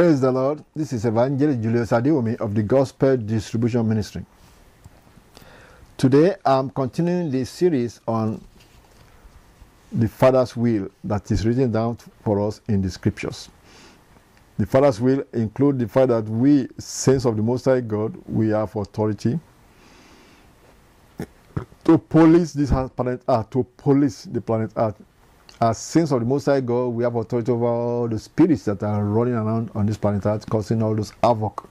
Praise the Lord. This is Evangelist Julius Adiomi of the Gospel Distribution Ministry. Today I'm continuing this series on the Father's will that is written down for us in the scriptures. The Father's will includes the fact that we, saints of the Most High God, we have authority to police this planet Earth, uh, to police the planet Earth as sins of the Most High God, we have authority over all the spirits that are running around on this planet Earth, causing all this havoc.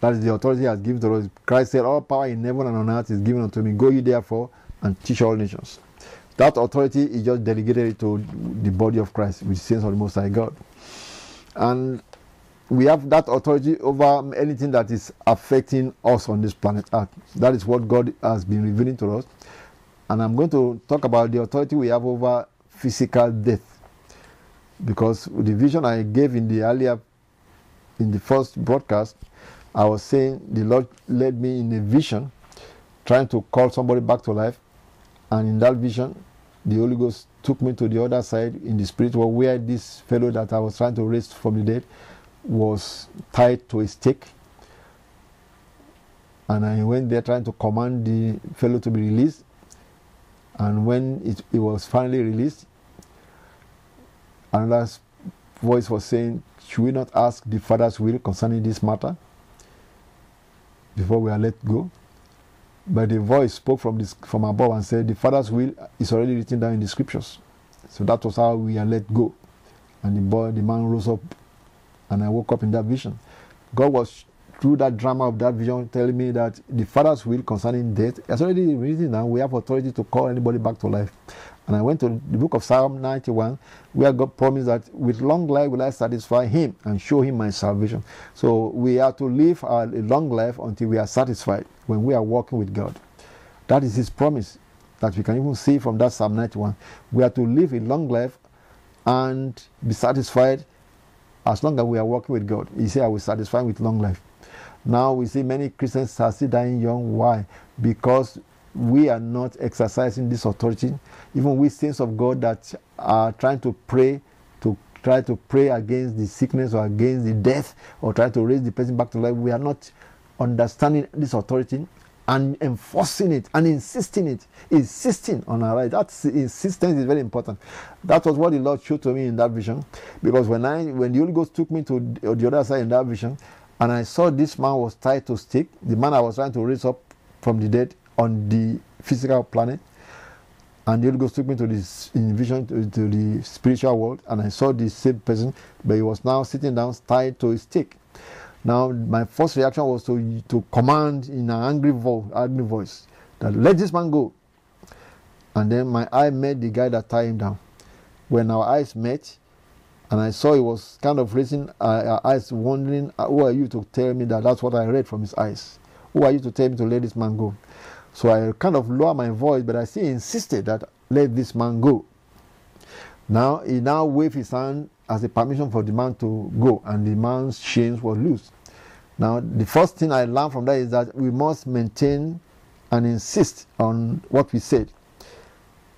That is the authority He has given to us. Christ said, All power in heaven and on earth is given unto me. Go ye therefore and teach all nations. That authority is just delegated to the body of Christ, which is saints of the Most High God. And we have that authority over anything that is affecting us on this planet Earth. That is what God has been revealing to us. And I'm going to talk about the authority we have over physical death. Because the vision I gave in the earlier, in the first broadcast, I was saying the Lord led me in a vision, trying to call somebody back to life. And in that vision, the Holy Ghost took me to the other side in the spirit, where this fellow that I was trying to raise from the dead was tied to a stake. And I went there trying to command the fellow to be released. And when it, it was finally released, Another voice was saying, Should we not ask the Father's will concerning this matter before we are let go? But the voice spoke from, this, from above and said, The Father's will is already written down in the scriptures. So that was how we are let go. And the boy, the man rose up, and I woke up in that vision. God was through that drama of that vision telling me that the Father's will concerning death has already written down. We have authority to call anybody back to life. And I went to the book of Psalm 91, where God promised that with long life will I satisfy him and show him my salvation. So we are to live a long life until we are satisfied when we are walking with God. That is his promise that we can even see from that Psalm 91. We are to live a long life and be satisfied as long as we are walking with God. He said, I will satisfy with long life. Now we see many Christians are still dying young. Why? Because we are not exercising this authority. Even we saints of God that are trying to pray, to try to pray against the sickness or against the death or try to raise the person back to life, we are not understanding this authority and enforcing it and insisting it, insisting on our right. That insistence is very important. That was what the Lord showed to me in that vision. Because when I when the Holy Ghost took me to the other side in that vision, and I saw this man was tied to stick, the man I was trying to raise up from the dead, on the physical planet. And the Holy Ghost took me to this vision to, to, the spiritual world, and I saw the same person, but he was now sitting down, tied to a stick. Now, my first reaction was to, to command in an angry, vo- angry voice that let this man go. And then my eye met the guy that tied him down. When our eyes met, and I saw he was kind of raising our uh, uh, eyes, wondering, Who are you to tell me that? That's what I read from his eyes. Who are you to tell me to let this man go? So I kind of lower my voice, but I still insisted that let this man go. Now he now waved his hand as a permission for the man to go, and the man's chains were loose. Now the first thing I learned from that is that we must maintain and insist on what we said.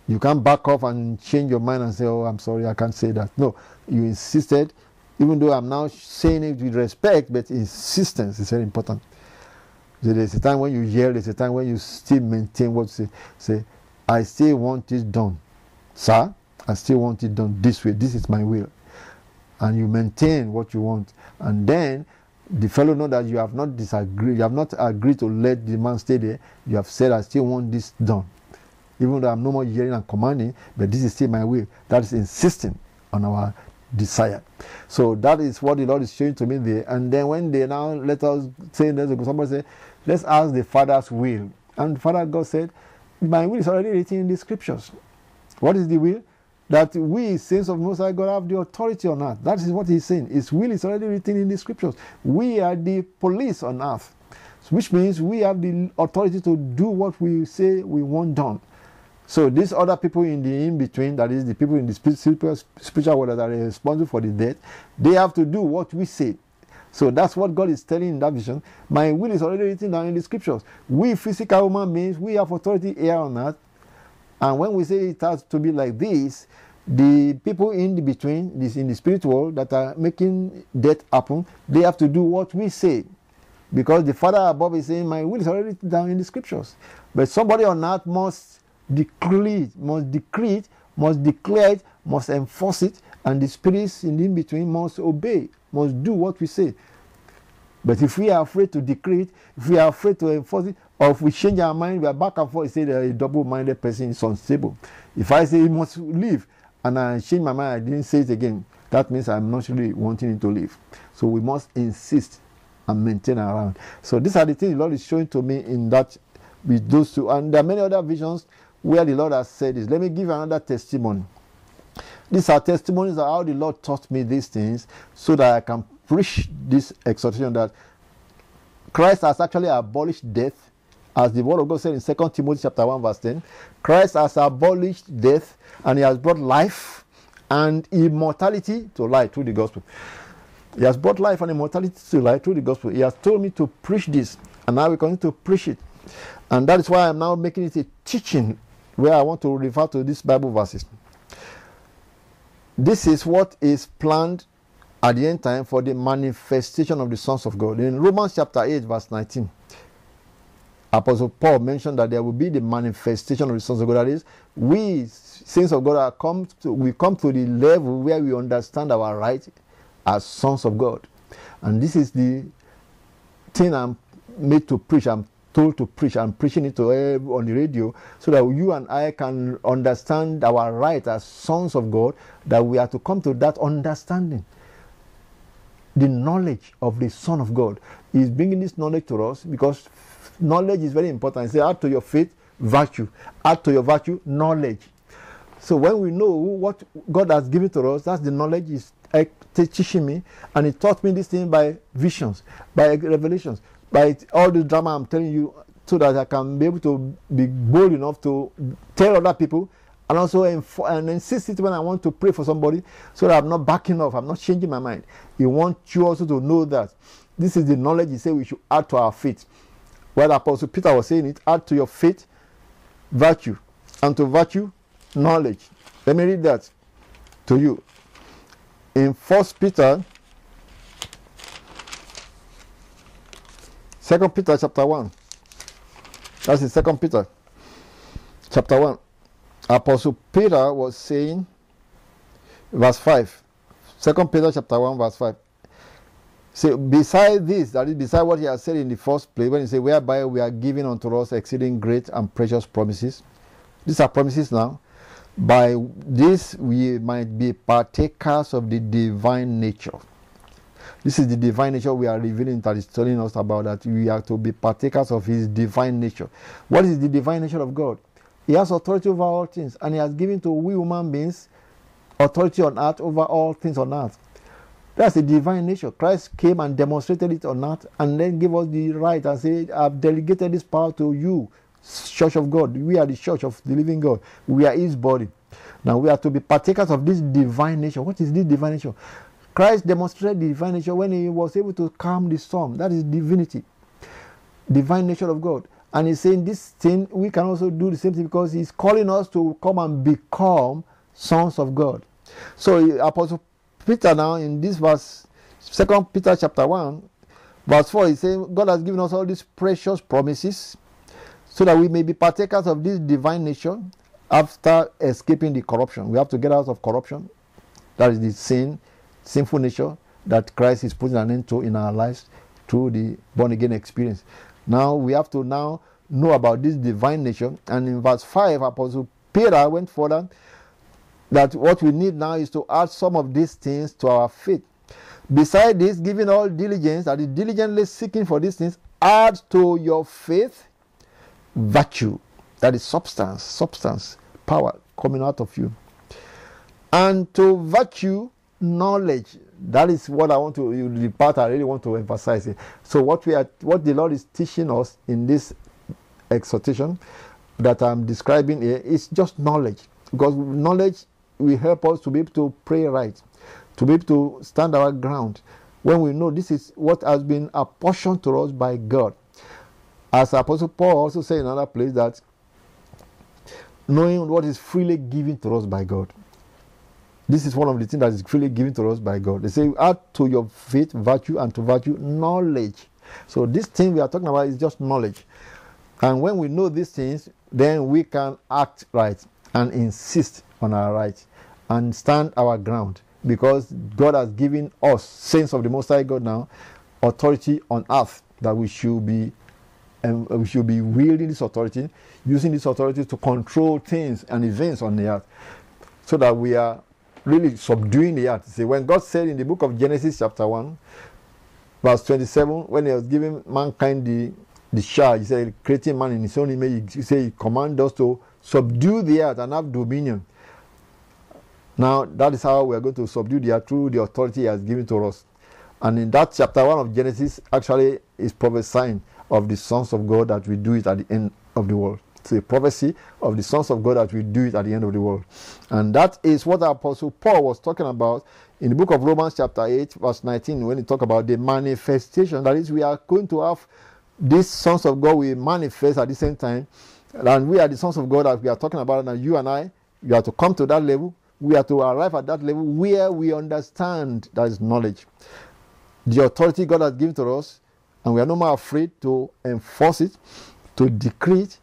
You can't back off and change your mind and say, "Oh, I'm sorry, I can't say that." No, you insisted, even though I'm now saying it with respect, but insistence is very important there's a time when you yell, there's a time when you still maintain what you say. Say, I still want it done. Sir, I still want it done this way. This is my will. And you maintain what you want. And then the fellow know that you have not disagreed, you have not agreed to let the man stay there. You have said, I still want this done. Even though I'm no more yelling and commanding, but this is still my will. That is insisting on our desire. So that is what the Lord is showing to me there. And then when they now let us say, somebody say, Let's ask the Father's will. And Father God said, My will is already written in the scriptures. What is the will? That we, saints of Most High God, have the authority on earth. That is what he's saying. His will is already written in the scriptures. We are the police on earth, which means we have the authority to do what we say we want done. So these other people in the in between, that is the people in the spiritual, spiritual world that are responsible for the dead, they have to do what we say. So that's what God is telling in that vision. My will is already written down in the scriptures. We physical human beings, we have authority here on earth. And when we say it has to be like this, the people in the between, this in the spiritual that are making death happen, they have to do what we say. Because the Father above is saying, My will is already written down in the scriptures. But somebody on earth must decree it, must decree it, must declare it, must enforce it, and the spirits in the in between must obey must do what we say. But if we are afraid to decree it, if we are afraid to enforce it, or if we change our mind, we are back and forth, say that a double minded person is unstable. If I say he must leave and I change my mind, I didn't say it again, that means I'm not really wanting him to leave. So we must insist and maintain around. So these are the things the Lord is showing to me in that with those two. And there are many other visions where the Lord has said this. Let me give another testimony. These are testimonies of how the Lord taught me these things so that I can preach this exhortation that Christ has actually abolished death. As the word of God said in 2 Timothy chapter 1, verse 10, Christ has abolished death and he has brought life and immortality to light through the gospel. He has brought life and immortality to light through the gospel. He has told me to preach this, and we're continue to preach it. And that is why I'm now making it a teaching where I want to refer to these Bible verses. This is what is planned at the end time for the manifestation of the sons of God. In Romans chapter 8, verse 19, Apostle Paul mentioned that there will be the manifestation of the sons of God. That is, we sons of God are come to, we come to the level where we understand our right as sons of God. And this is the thing I'm made to preach. I'm told to preach. I'm preaching it to everyone on the radio so that you and I can understand our right as sons of God, that we are to come to that understanding. The knowledge of the Son of God is bringing this knowledge to us because knowledge is very important. Say, add to your faith, virtue. Add to your virtue, knowledge. So when we know what God has given to us, that's the knowledge is eh, teaching me, and He taught me this thing by visions, by revelations by all the drama I'm telling you so that I can be able to be bold enough to tell other people and also inf- and insist it when I want to pray for somebody so that I'm not backing off, I'm not changing my mind. He wants you also to know that this is the knowledge he said we should add to our faith. While well, Apostle Peter was saying it, add to your faith virtue, and to virtue knowledge. Let me read that to you. In First Peter Second Peter chapter 1. That's in Second Peter chapter 1. Apostle Peter was saying, verse 5. Second Peter chapter 1, verse 5. See, beside this, that is, beside what he has said in the first place, when he said, whereby we are given unto us exceeding great and precious promises. These are promises now. By this we might be partakers of the divine nature. This is the divine nature we are revealing that is telling us about that we are to be partakers of His divine nature. What is the divine nature of God? He has authority over all things, and He has given to we human beings authority on earth over all things on earth. That's the divine nature. Christ came and demonstrated it on earth, and then gave us the right and said, I've delegated this power to you, Church of God. We are the Church of the Living God, we are His body. Now we are to be partakers of this divine nature. What is this divine nature? Christ demonstrated the divine nature when he was able to calm the storm. That is divinity, divine nature of God. And he's saying this thing, we can also do the same thing because he's calling us to come and become sons of God. So Apostle Peter now in this verse, Second Peter chapter 1, verse 4, he's saying, God has given us all these precious promises so that we may be partakers of this divine nature after escaping the corruption. We have to get out of corruption. That is the sin sinful nature that Christ is putting an end to in our lives through the born again experience. Now we have to now know about this divine nature. And in verse 5, Apostle Peter went further that what we need now is to add some of these things to our faith. Besides, this, giving all diligence, that is diligently seeking for these things, add to your faith virtue, that is substance, substance, power coming out of you. And to virtue, knowledge. That is what I want to, the part I really want to emphasize. It. So, what we are, what the Lord is teaching us in this exhortation that I'm describing here is just knowledge, because knowledge will help us to be able to pray right, to be able to stand our ground when we know this is what has been apportioned to us by God. As Apostle Paul also said in another place that knowing what is freely given to us by God. This is one of the things that is freely given to us by God. They say, add to your faith virtue and to virtue knowledge. So this thing we are talking about is just knowledge. And when we know these things, then we can act right and insist on our right and stand our ground because God has given us, saints of the Most High God now, authority on earth that we should be and um, we should be wielding this authority, using this authority to control things and events on the earth so that we are really subduing the earth. See, when God said in the book of Genesis, chapter 1, verse 27, when He was giving mankind the, the charge, He said, creating man in His own image, He said, He commanded us to subdue the earth and have dominion. Now, that is how we are going to subdue the earth through the authority He has given to us. And in that chapter 1 of Genesis, actually, is prophesying of the sons of God that we do it at the end of the world to a prophecy of the sons of God that will do it at the end of the world. And that is what the Apostle Paul was talking about in the book of Romans, chapter 8, verse 19, when he talked about the manifestation. That is, we are going to have these sons of God will manifest at the same time. And we are the sons of God that we are talking about. And you and I, you are to come to that level. We are to arrive at that level where we understand that is knowledge. The authority God has given to us, and we are no more afraid to enforce it, to decree it,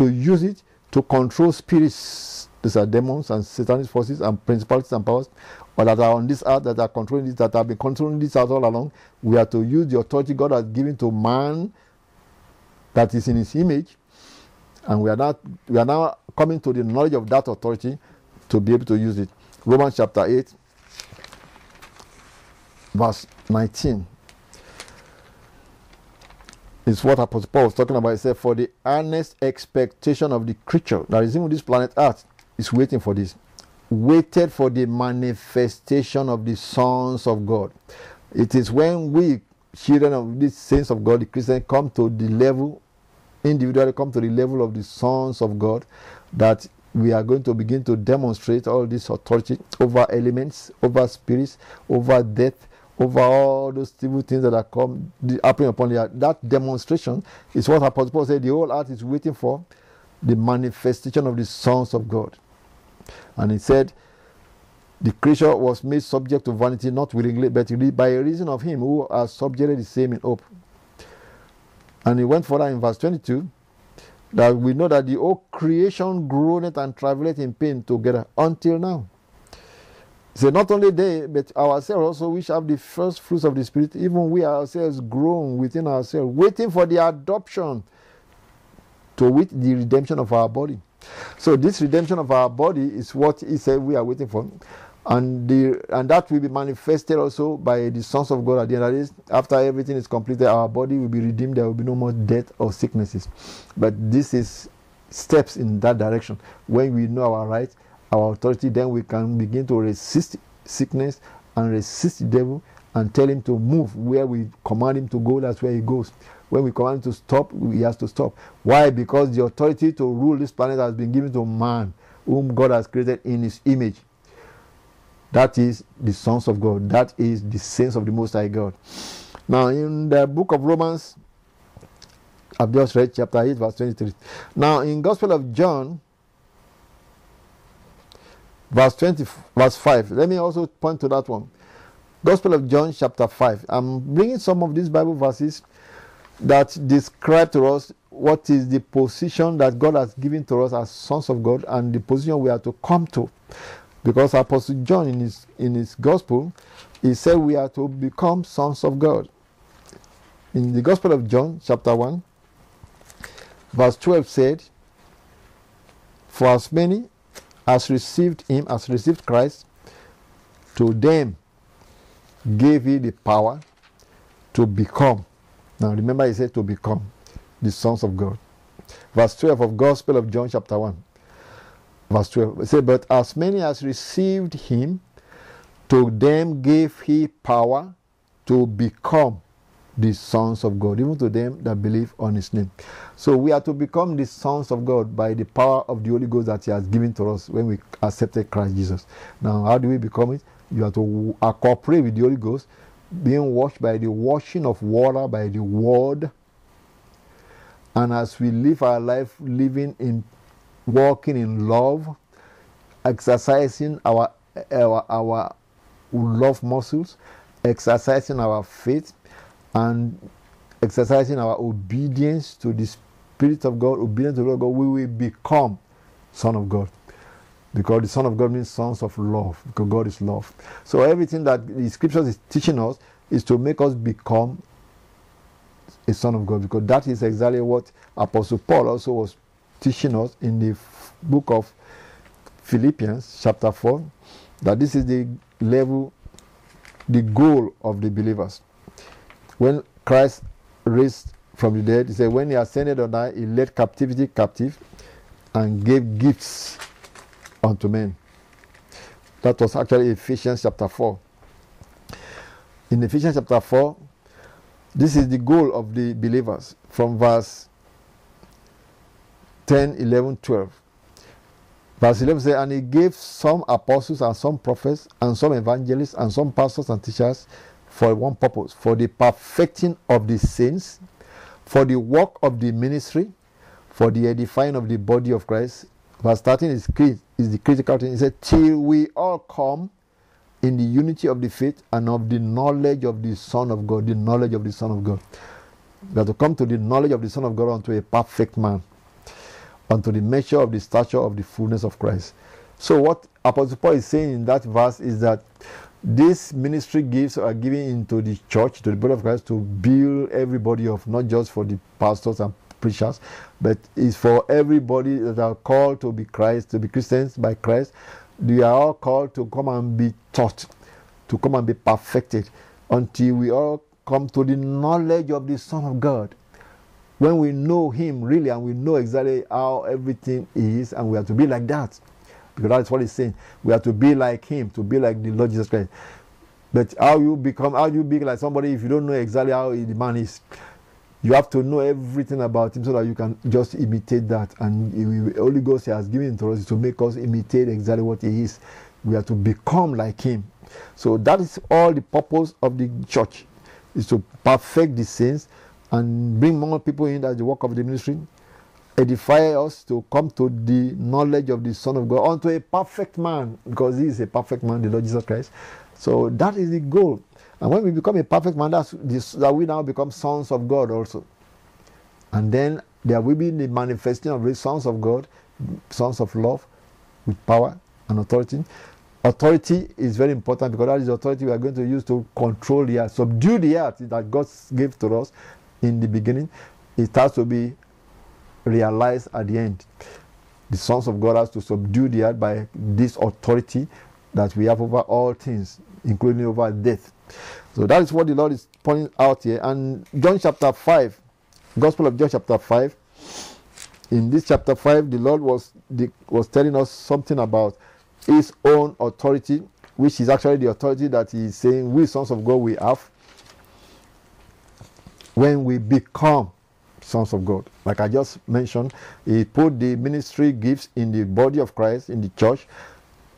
to use it to control spirits. These are demons and satanic forces and principalities and powers or that are on this earth that are controlling this, that have been controlling this earth all along. We are to use the authority God has given to man that is in his image. And we are we are now coming to the knowledge of that authority to be able to use it. Romans chapter 8, verse 19 is what Apostle Paul was talking about. He said, For the earnest expectation of the creature that is in this planet earth is waiting for this. Waited for the manifestation of the sons of God. It is when we, children of the saints of God, the Christians, come to the level, individually come to the level of the sons of God, that we are going to begin to demonstrate all this authority over elements, over spirits, over death, over all those evil things that are come upon the earth. That demonstration is what Apostle Paul said the whole earth is waiting for the manifestation of the sons of God. And he said, the creature was made subject to vanity, not willingly, but by reason of him who has subjected the same in hope. And he went further in verse 22 that we know that the whole creation groaneth and travaileth in pain together until now. So not only they, but ourselves also, which have the first fruits of the Spirit, even we ourselves grown within ourselves, waiting for the adoption to wit the redemption of our body. So this redemption of our body is what he said we are waiting for. And, the, and that will be manifested also by the sons of God at the end. That is, after everything is completed, our body will be redeemed. There will be no more death or sicknesses. But this is steps in that direction. When we know our rights our authority, then we can begin to resist sickness and resist the devil and tell him to move where we command him to go, that's where he goes. When we command him to stop, he has to stop. Why? Because the authority to rule this planet has been given to man, whom God has created in his image. That is the sons of God. That is the saints of the Most High God. Now, in the book of Romans, I've just read chapter 8, verse 23. Now, in Gospel of John, verse 20 verse 5 let me also point to that one gospel of john chapter 5 i'm bringing some of these bible verses that describe to us what is the position that god has given to us as sons of god and the position we are to come to because apostle john in his in his gospel he said we are to become sons of god in the gospel of john chapter 1 verse 12 said for as many has received him, has received Christ, to them gave he the power to become. Now remember, he said to become the sons of God. Verse 12 of Gospel of John, chapter 1. Verse 12. It said, But as many as received him, to them gave he power to become the sons of God, even to them that believe on his name. So we are to become the sons of God by the power of the Holy Ghost that he has given to us when we accepted Christ Jesus. Now, how do we become it? You have to uh, cooperate with the Holy Ghost, being washed by the washing of water, by the word. And as we live our life, living in, walking in love, exercising our, our, our love muscles, exercising our faith, and exercising our obedience to the Spirit of God, obedience to the Lord God, we will become Son of God. Because the Son of God means sons of love, because God is love. So everything that the scriptures is teaching us is to make us become a son of God, because that is exactly what Apostle Paul also was teaching us in the book of Philippians, chapter 4, that this is the level, the goal of the believers. When Christ raised from the dead, he said, When he ascended on high, he led captivity captive and gave gifts unto men. That was actually Ephesians chapter 4. In Ephesians chapter 4, this is the goal of the believers from verse 10, 11, 12. Verse 11 says, And he gave some apostles and some prophets and some evangelists and some pastors and teachers for one purpose for the perfecting of the saints, for the work of the ministry, for the edifying of the body of Christ. Verse 13 is, is the critical thing. He said, Till we all come in the unity of the faith and of the knowledge of the Son of God. The knowledge of the Son of God. We have to come to the knowledge of the Son of God unto a perfect man, unto the measure of the stature of the fullness of Christ. So, what Apostle Paul is saying in that verse is that this ministry gifts are given into the church, to the body of Christ, to build everybody of not just for the pastors and preachers, but it's for everybody that are called to be Christ, to be Christians by Christ. They are all called to come and be taught, to come and be perfected, until we all come to the knowledge of the Son of God. When we know Him really, and we know exactly how everything is, and we are to be like that. Because that's what he's saying. We have to be like him, to be like the Lord Jesus Christ. But how you become, how you be like somebody if you don't know exactly how the man is, you have to know everything about him so that you can just imitate that. And the Holy Ghost has given to us to make us imitate exactly what he is. We are to become like him. So that is all the purpose of the church, is to perfect the saints and bring more people in as the work of the ministry edify us to come to the knowledge of the Son of God, unto a perfect man, because he is a perfect man, the Lord Jesus Christ. So that is the goal. And when we become a perfect man, that's this, that we now become sons of God also. And then there will be the manifesting of the sons of God, sons of love, with power and authority. Authority is very important because that is the authority we are going to use to control the earth, subdue the earth that God gave to us in the beginning. It has to be realize at the end. The sons of God has to subdue the earth by this authority that we have over all things, including over death. So that is what the Lord is pointing out here. And John chapter 5, Gospel of John chapter 5, in this chapter 5, the Lord was, the, was telling us something about his own authority, which is actually the authority that he is saying we sons of God we have when we become sons of God. Like I just mentioned, he put the ministry gifts in the body of Christ, in the church,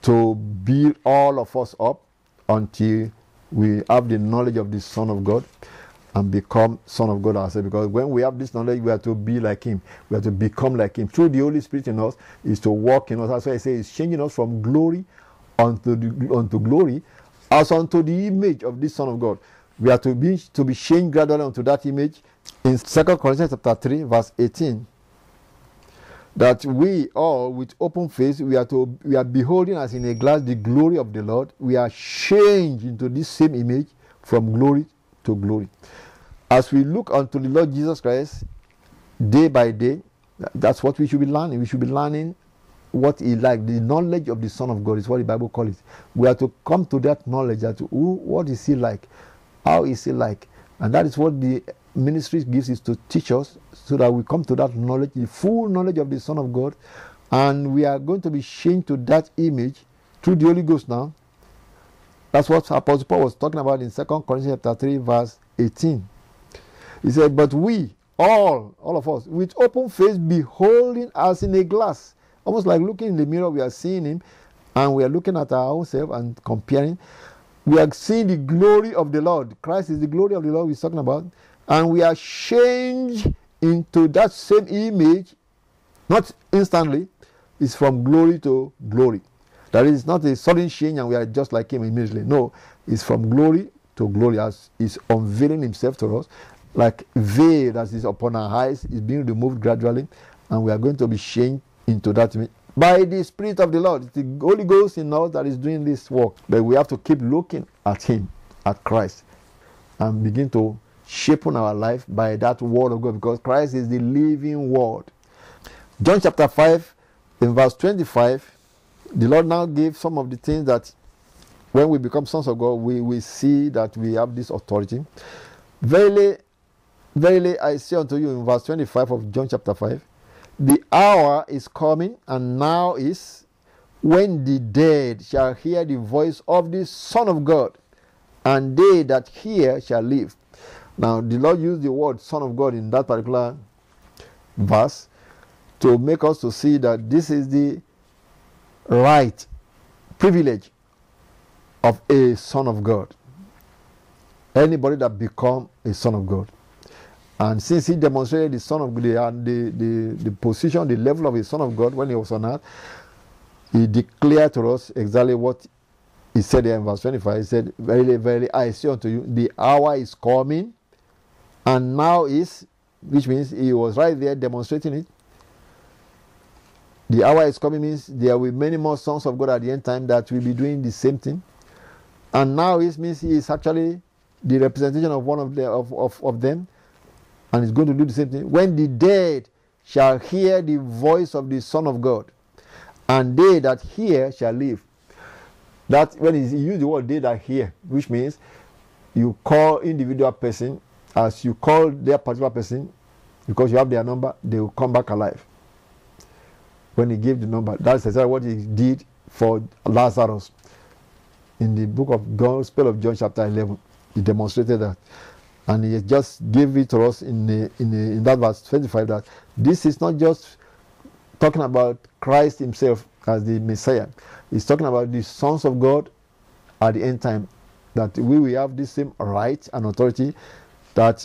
to build all of us up until we have the knowledge of the Son of God and become Son of God ourselves. Because when we have this knowledge, we are to be like Him. We are to become like Him. Through the Holy Spirit in us is to walk in us. That's why I say it's changing us from glory unto, the, unto glory as unto the image of this Son of God. We are to be, to be changed gradually unto that image in 2 Corinthians chapter 3, verse 18. That we all with open face we are to we are beholding as in a glass the glory of the Lord, we are changed into this same image from glory to glory. As we look unto the Lord Jesus Christ day by day, that's what we should be learning. We should be learning what he like the knowledge of the son of god is what the bible calls it we are to come to that knowledge that who what is he like how is it like? And that is what the ministry gives is to teach us so that we come to that knowledge, the full knowledge of the Son of God, and we are going to be changed to that image through the Holy Ghost now. That's what Apostle Paul was talking about in 2 Corinthians chapter 3, verse 18. He said, But we, all, all of us, with open face, beholding as in a glass, almost like looking in the mirror, we are seeing him, and we are looking at ourselves and comparing. We are seeing the glory of the Lord. Christ is the glory of the Lord we're talking about. And we are changed into that same image, not instantly, it's from glory to glory. That is not a sudden change and we are just like Him immediately. No, it's from glory to glory as He's unveiling Himself to us. Like veil that is upon our eyes is being removed gradually, and we are going to be changed into that by the Spirit of the Lord. It's the Holy Ghost in us that is doing this work. But we have to keep looking at Him, at Christ, and begin to shaping our life by that word of God because Christ is the living word. John chapter 5, in verse 25, the Lord now gave some of the things that when we become sons of God, we will see that we have this authority. Verily, verily, I say unto you in verse 25 of John chapter 5, the hour is coming, and now is when the dead shall hear the voice of the Son of God, and they that hear shall live. Now, the Lord used the word Son of God in that particular verse to make us to see that this is the right privilege of a son of God. Anybody that become a son of God. And since he demonstrated the Son of God, the, the, the position, the level of the Son of God when he was on earth, he declared to us exactly what he said there in verse 25. He said, Verily, verily, I say unto you, the hour is coming, and now is, which means he was right there demonstrating it. The hour is coming means there will be many more sons of God at the end time that will be doing the same thing. And now it means he is actually the representation of one of, the, of, of, of them and he's going to do the same thing. When the dead shall hear the voice of the Son of God, and they that hear shall live. That when he used the word they that hear, which means you call individual person as you call their particular person because you have their number, they will come back alive. When he gave the number, that's exactly what he did for Lazarus in the book of Gospel of John, chapter 11. He demonstrated that. And he just gave it to us in, the, in, the, in that verse 25 that this is not just talking about Christ himself as the Messiah. He's talking about the sons of God at the end time, that we will have the same right and authority that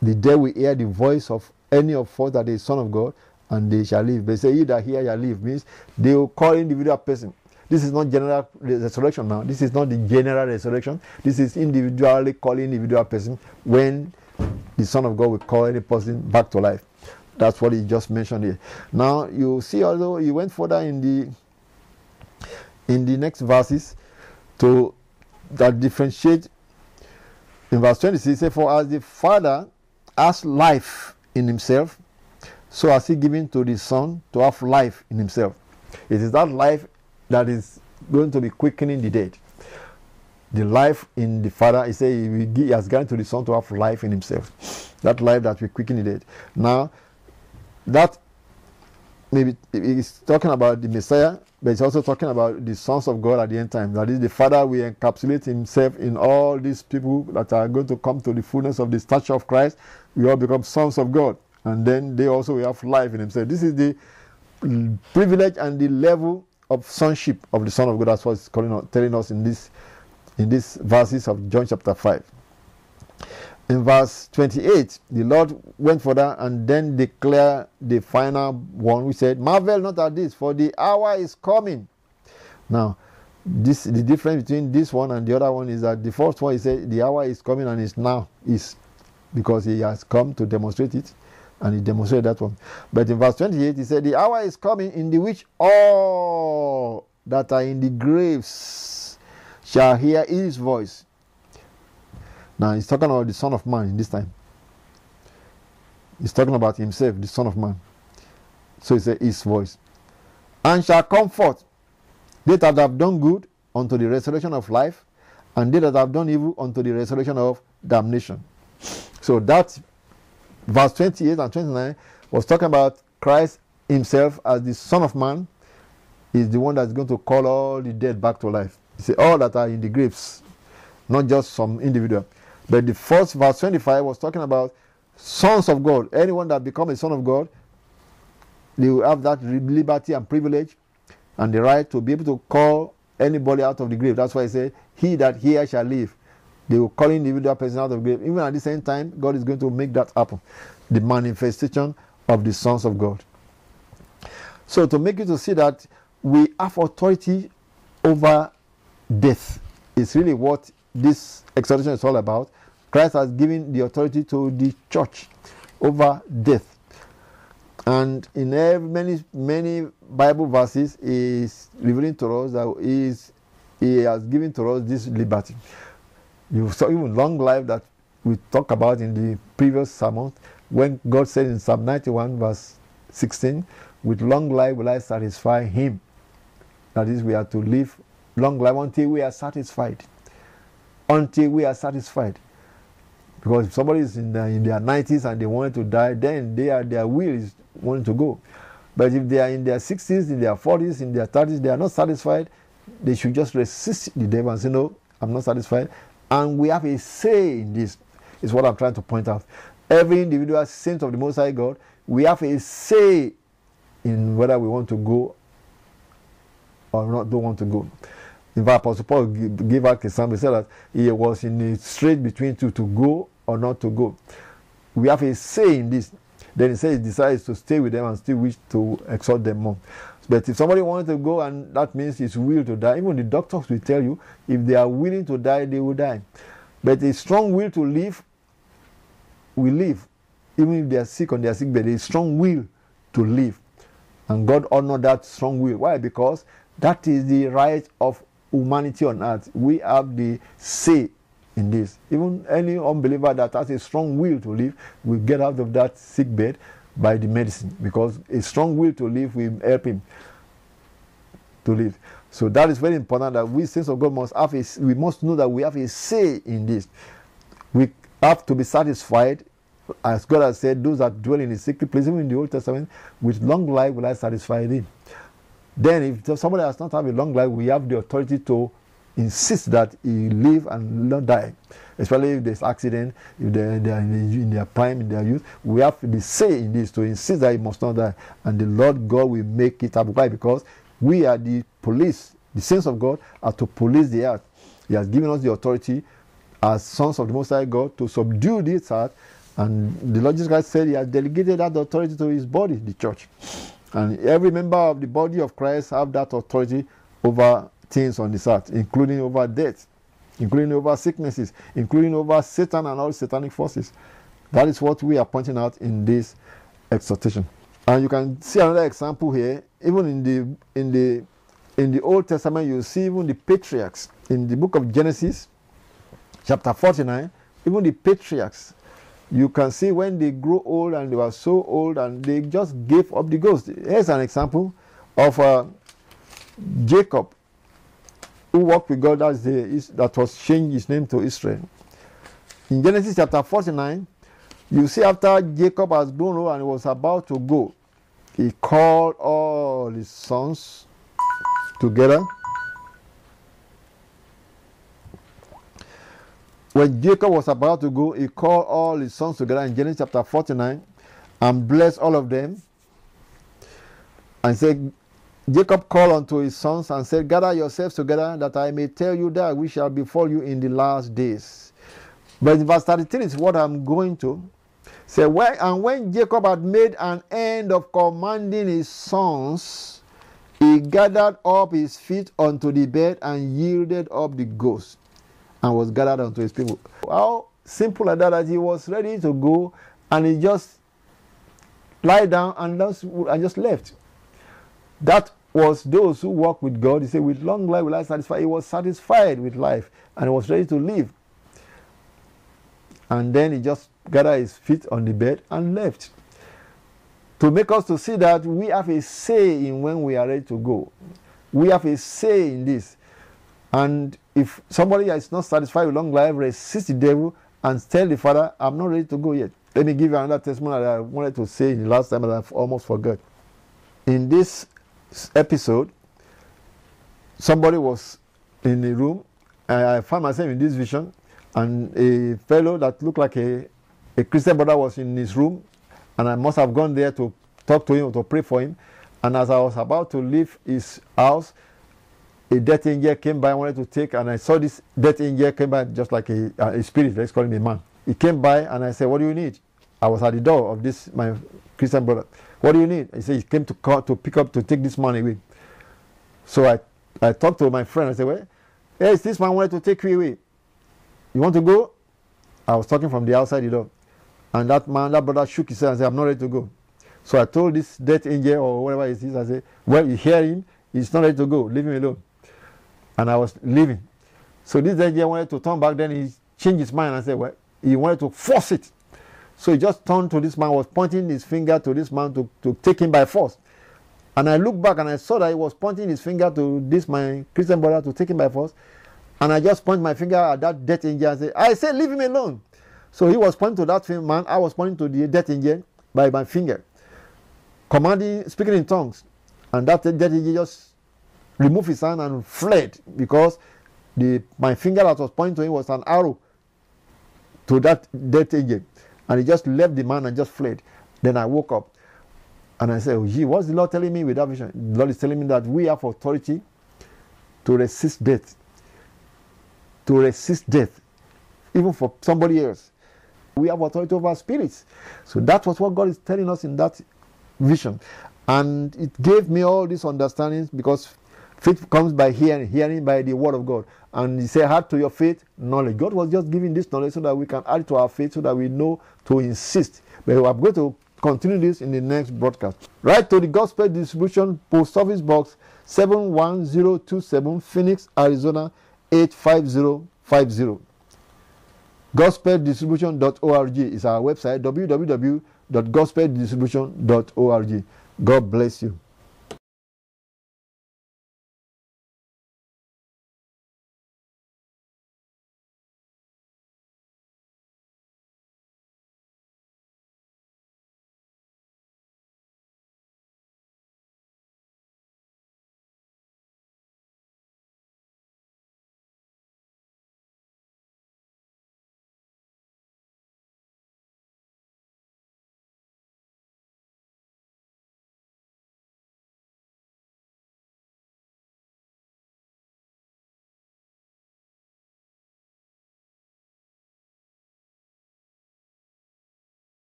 the day we hear the voice of any of us that is son of God, and they shall live. They say, He that hear shall live means they will call individual person this is not general resurrection now. This is not the general resurrection. This is individually calling individual person when the Son of God will call any person back to life. That's what he just mentioned here. Now you see although he went further in the in the next verses to that differentiate in verse 26 he said, For as the Father has life in himself, so has he given to the Son to have life in himself. It is that life that is going to be quickening the dead. The life in the Father, he said, he has gone to the Son to have life in himself. That life that we quicken the dead. Now, that maybe he's talking about the Messiah, but he's also talking about the sons of God at the end time. That is, the Father will encapsulate himself in all these people that are going to come to the fullness of the stature of Christ. We all become sons of God. And then they also will have life in themselves. This is the privilege and the level of sonship of the Son of God. That's what's calling, telling us in this in these verses of John chapter 5. In verse 28, the Lord went further and then declared the final one, We said, Marvel not at this, for the hour is coming. Now, this the difference between this one and the other one is that the first one he said the hour is coming and it's now is because he has come to demonstrate it. And he demonstrated that one. But in verse 28, he said, The hour is coming in the which all that are in the graves shall hear his voice. Now he's talking about the Son of Man this time. He's talking about himself, the Son of Man. So he said, His voice. And shall come forth they that have done good unto the resurrection of life, and they that have done evil unto the resurrection of damnation. So that verse 28 and 29 was talking about Christ himself as the Son of Man is the one that's going to call all the dead back to life. You see, all that are in the graves, not just some individual. But the first verse 25 was talking about sons of God. Anyone that become a son of God, they will have that liberty and privilege and the right to be able to call anybody out of the grave. That's why he said, He that here shall live. They will call individual persons out of grave. Even at the same time, God is going to make that happen. The manifestation of the sons of God. So to make you to see that we have authority over death is really what this exhortation is all about. Christ has given the authority to the church over death. And in every, many many Bible verses, is revealing to us that he, is, he has given to us this liberty. You saw even long life that we talked about in the previous sermon when God said in Psalm 91, verse 16, With long life will I satisfy him. That is, we are to live long life until we are satisfied. Until we are satisfied. Because if somebody is in, in their 90s and they want to die, then they are, their will is wanting to go. But if they are in their 60s, in their 40s, in their 30s, they are not satisfied, they should just resist the devil and say, No, I'm not satisfied. And we have a say in this, is what I'm trying to point out. Every individual saint of the Most High God, we have a say in whether we want to go or not don't want to go. In fact, Apostle Paul gave out a example. He said that he was in a strait between two to go or not to go. We have a say in this. Then he says he decides to stay with them and still wish to exhort them more. But if somebody wants to go and that means it's will to die, even the doctors will tell you if they are willing to die, they will die. But a strong will to live will live. Even if they are sick on their sick bed, a strong will to live. And God honored that strong will. Why? Because that is the right of humanity on earth. We have the say in this. Even any unbeliever that has a strong will to live will get out of that sick bed by the medicine because a strong will to live will help him to live. So that is very important that we saints of God must have a, we must know that we have a say in this. We have to be satisfied, as God has said, those that dwell in the secret place, even in the Old Testament, with long life will I satisfy thee. Then if somebody does not have a long life, we have the authority to insist that he live and not die, especially if there's accident, if they, they are in, the, in their prime, in their youth. We have to say in this to insist that he must not die. And the Lord God will make it happen. Why? Because we are the police. The saints of God are to police the earth. He has given us the authority as sons of the Most High God to subdue this earth. And the Lord Jesus Christ said he has delegated that authority to his body, the church. And every member of the body of Christ have that authority over things on this earth, including over death, including over sicknesses, including over Satan and all satanic forces. That is what we are pointing out in this exhortation. And you can see another example here, even in the in the in the Old Testament, you see even the patriarchs in the book of Genesis, chapter 49, even the patriarchs, you can see when they grow old and they were so old and they just gave up the ghost. Here's an example of uh, Jacob who walked with God that day is that was changed his name to Israel. In Genesis chapter 49, you see after Jacob has grown old and was about to go, he called all his sons together. When Jacob was about to go, he called all his sons together in Genesis chapter 49 and blessed all of them and said, Jacob called unto his sons and said, Gather yourselves together, that I may tell you that we shall befall you in the last days. But in verse 33 is what I'm going to. Say, and when Jacob had made an end of commanding his sons, he gathered up his feet unto the bed and yielded up the ghost and was gathered unto his people. How simple like that that he was ready to go and he just lie down and just, and just left. That was those who walk with God. He said, With long life will I satisfy. He was satisfied with life and he was ready to live. And then he just gathered his feet on the bed and left. To make us to see that we have a say in when we are ready to go. We have a say in this. And if somebody is not satisfied with long life, resist the devil and tell the father, I'm not ready to go yet. Let me give you another testimony that I wanted to say in the last time that I've almost forgot. In this episode, somebody was in the room. I found myself in this vision, and a fellow that looked like a, a Christian brother was in his room, and I must have gone there to talk to him, to pray for him. And as I was about to leave his house, a death angel came by, I wanted to take, and I saw this death angel came by just like a, a spirit, let's call him a man. He came by, and I said, What do you need? I was at the door of this, my Christian brother, what do you need? He said, he came to call, to pick up, to take this money away. So I, I talked to my friend. I said, well, yes, this man wanted to take you away. You want to go? I was talking from the outside you know. And that man, that brother shook his head and said, I'm not ready to go. So I told this death angel or whatever it is, I said, well, you hear him, he's not ready to go, leave him alone. And I was leaving. So this angel wanted to turn back, then he changed his mind and said, well, he wanted to force it. So he just turned to this man, was pointing his finger to this man to, to take him by force. And I looked back and I saw that he was pointing his finger to this my Christian brother to take him by force. And I just point my finger at that death engine and say, I say, leave him alone. So he was pointing to that man. I was pointing to the death engine by my finger, commanding, speaking in tongues. And that death engine just removed his hand and fled because the, my finger that was pointing to him was an arrow to that death engine. And he just left the man and just fled. Then I woke up and I said, Oh, gee, what's the Lord telling me with that vision? The Lord is telling me that we have authority to resist death. To resist death, even for somebody else. We have authority over spirits. So that was what God is telling us in that vision. And it gave me all these understandings because Faith comes by hearing, hearing by the word of God. And he said, add to your faith knowledge. God was just giving this knowledge so that we can add to our faith so that we know to insist. But I'm going to continue this in the next broadcast. Write to the Gospel Distribution Post Office Box 71027 Phoenix, Arizona 85050. Gospeldistribution.org is our website www.gospeldistribution.org. God bless you.